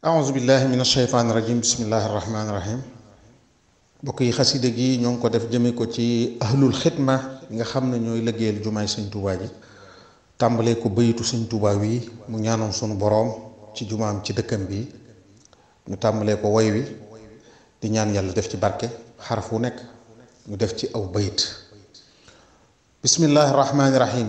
auzu billahi min asheytaani rajim bismillahi rahmaani rahim bokk yi xasida gi ñoo ngi ko def jëme ko ci ahlul xidma nga xam ne ñooy liggéeyal jumaay sëñ tubaa ji tàmbalee ko bayitu sëñ tubaa wi mu ñaanoon sunu boroom ci jumaam ci dëkkam bi ñu tàmbalee ko woy wi di ñaan yàlla def ci barke xaraf wu nekk ñu def ci aw bayit bismillahi rahmaani rahim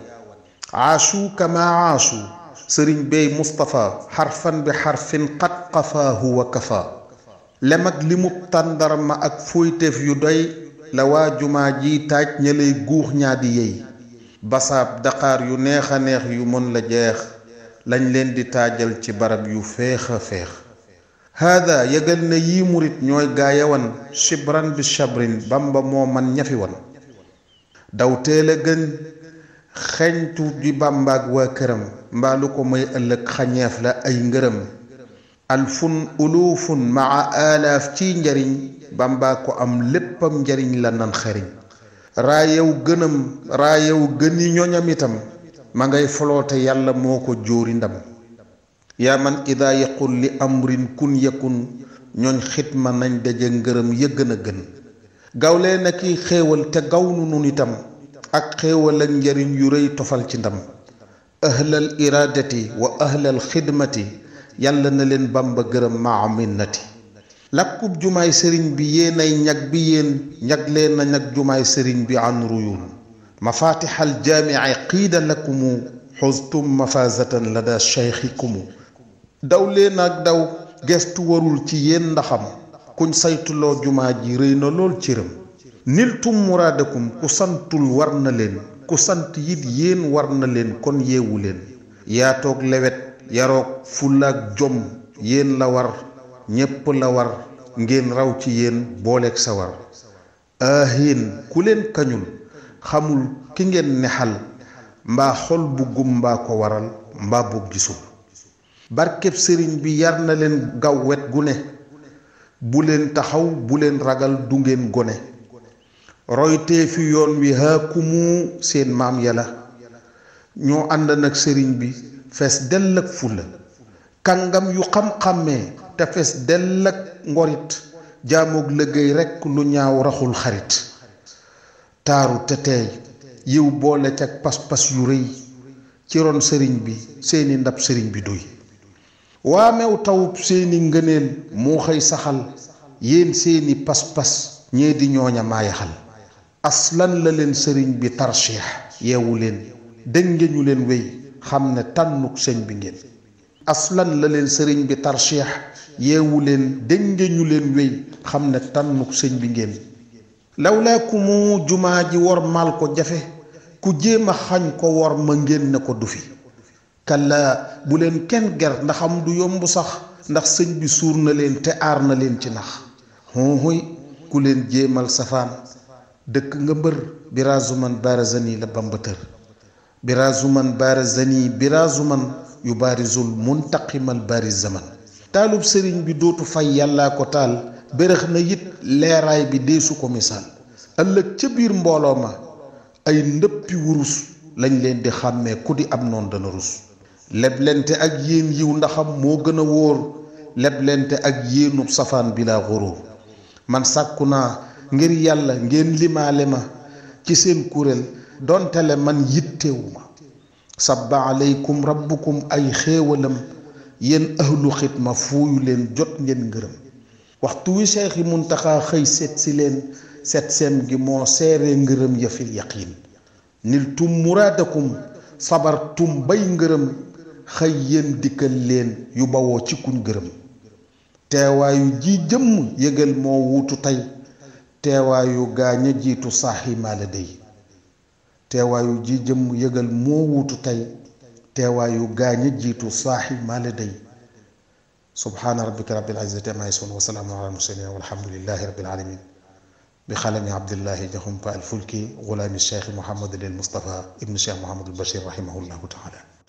aashu kama aashu sëriñ bay mustapha xarfan bi xarfin xat xafaahu wa kafa lem ak limub tàndarma ak fóoyteef yu doy la waa jumaa ji taaj ña lay guux ñaa di yey basaab daqaar yu neex a neex yu mën la jeex lañ leen di taajal ci barab yu féex a féex haada yëgal ne yii murit ñooy gaayawan shibran bi shabrin bamba moo man ñafi wan daw teel a gën xeñtu di bàmbaag waa këram mbaa lu ko may ëllëg xañeef la ay ngërëm alfun ulufun maa alaaf ci njariñ bàmbaa ko am léppam njariñ la nan xariñ raayew gënam raayew gëni ñoñam itam ma ngay foloote yàlla moo ko jóori ndam yaa man ida yaqul li amrin kun yakun ñooñ xitma nañ daje ngërëm ya gën a gën gaaw leen a xéewal te gawnu nun itam ak xéewal ak njariñ yu rëy tofal ci ndam ahlal iradati wa ahlal xidmati yàlla na leen bàmba gërëm maa minnati làkkub jumaay sëriñ bi yéenay ñag bi yéen ñag leen na ñag jumaay sëriñ bi an ruyun mafatixal jaamici qiida lakumu xustum mafazatan lada cheyxikumu daw leen ak daw gestu warul ci yéen ndaxam kuñ saytuloo jumaa ji rëy na lool cëram niltum muraadakum ku santul war na leen ku sant yit yéen war na leen kon yeewu leen yaatoog toog lewet yaroog fulaak jom yéen la war ñépp la war ngeen raw ci yéen booleeg sawar ahiin ku leen kañul xamul ki ngeen nexal mbaa xol bu gum ko waral mbaa bu gisul barkeb sëriñ bi yar na leen gaw wet gu ne bu leen taxaw bu leen ragal du ngeen gone roytee fi yoon wi haakumu seen maam yala ñoo ànd nag sëriñ bi fees dell ak fulla kàngam yu xam-xàmmee te fees dell ak ngorit jaamoog liggéey rekk lu ñaaw raxul xarit taaru te teey yiw boole ca pas-pas yu rëy ci ron sëriñ bi seeni ndab sëriñ bi doy waa meew tawub seeni ngëneel moo xëy saxal yéen seeni pas-pas ñee di ñooña maayaxal aslan la leen sëriñ bi tarsiix yeewu leen dégg ñu leen wéy xam ne tànnuk sëñ bi ngeen aslan la leen sëriñ bi tarsiix yeewu leen dégg ñu leen wéy xam ne tànnuk sëñ bi ngeen lawlaa ku mu jumaa ji war maal ko jafe ku jéem a xañ ko wor ma ngeen ne ko du fi kalla bu leen kenn ger ndax am du yomb sax ndax sëñ bi suur na leen te aar na leen ci nax honhoy ku leen jéemal safaan dëkk nga mbër biraasu man baarazani la bamba tër biraasu man baarazani biraasu man yu baarisul muntaqimal baari zaman taalub sëriñ bi dootu fay yàllaa ko taal bërëx na it leeraay bi deesu ko misaal ëllëg ca biir mbooloo ma ay ndëppi wurus lañ leen di xàmmee ku di am noonu dana rus leblente ak yéen yiw ndaxam moo gën a wóor leblente ak yéenub safaan bi laa xuróor man sàkku naa ngir yàlla ngeen limaale ma ci seen kuréel dontale man yittewu ma sabba aleykum rabbukum ay xéewalam yéen ahlu xidma fuuyu leen jot ngeen ngërëm waxtu wi seex yi muntaxaa xëy seet si leen seet seem gi moo seeree ngërëm ya fil yaqiin nil tum muraadakum sabar tum bay ngërëm xëy yéen dikkal leen yu bawoo ci kuñ gërëm teewaayu ji jëmm yëgal moo wuutu tey teewaayu gaa ña jiitu saaxi maala day teewaayu ji jëmm yëgal moo wuutu tey teewaayu gaa ña jiitu saaxi maala day subhaana rabbika rabbil izzati amma yasifuun wa salaamun alal mursaliin walhamdulillahi rabbil aalamiin bi xalami abdillahi jaxumpa al fulki gulaami cheikh Mouhamadul Moustapha ibnu cheikh Mouhamadul Bachir rahimahullahu taala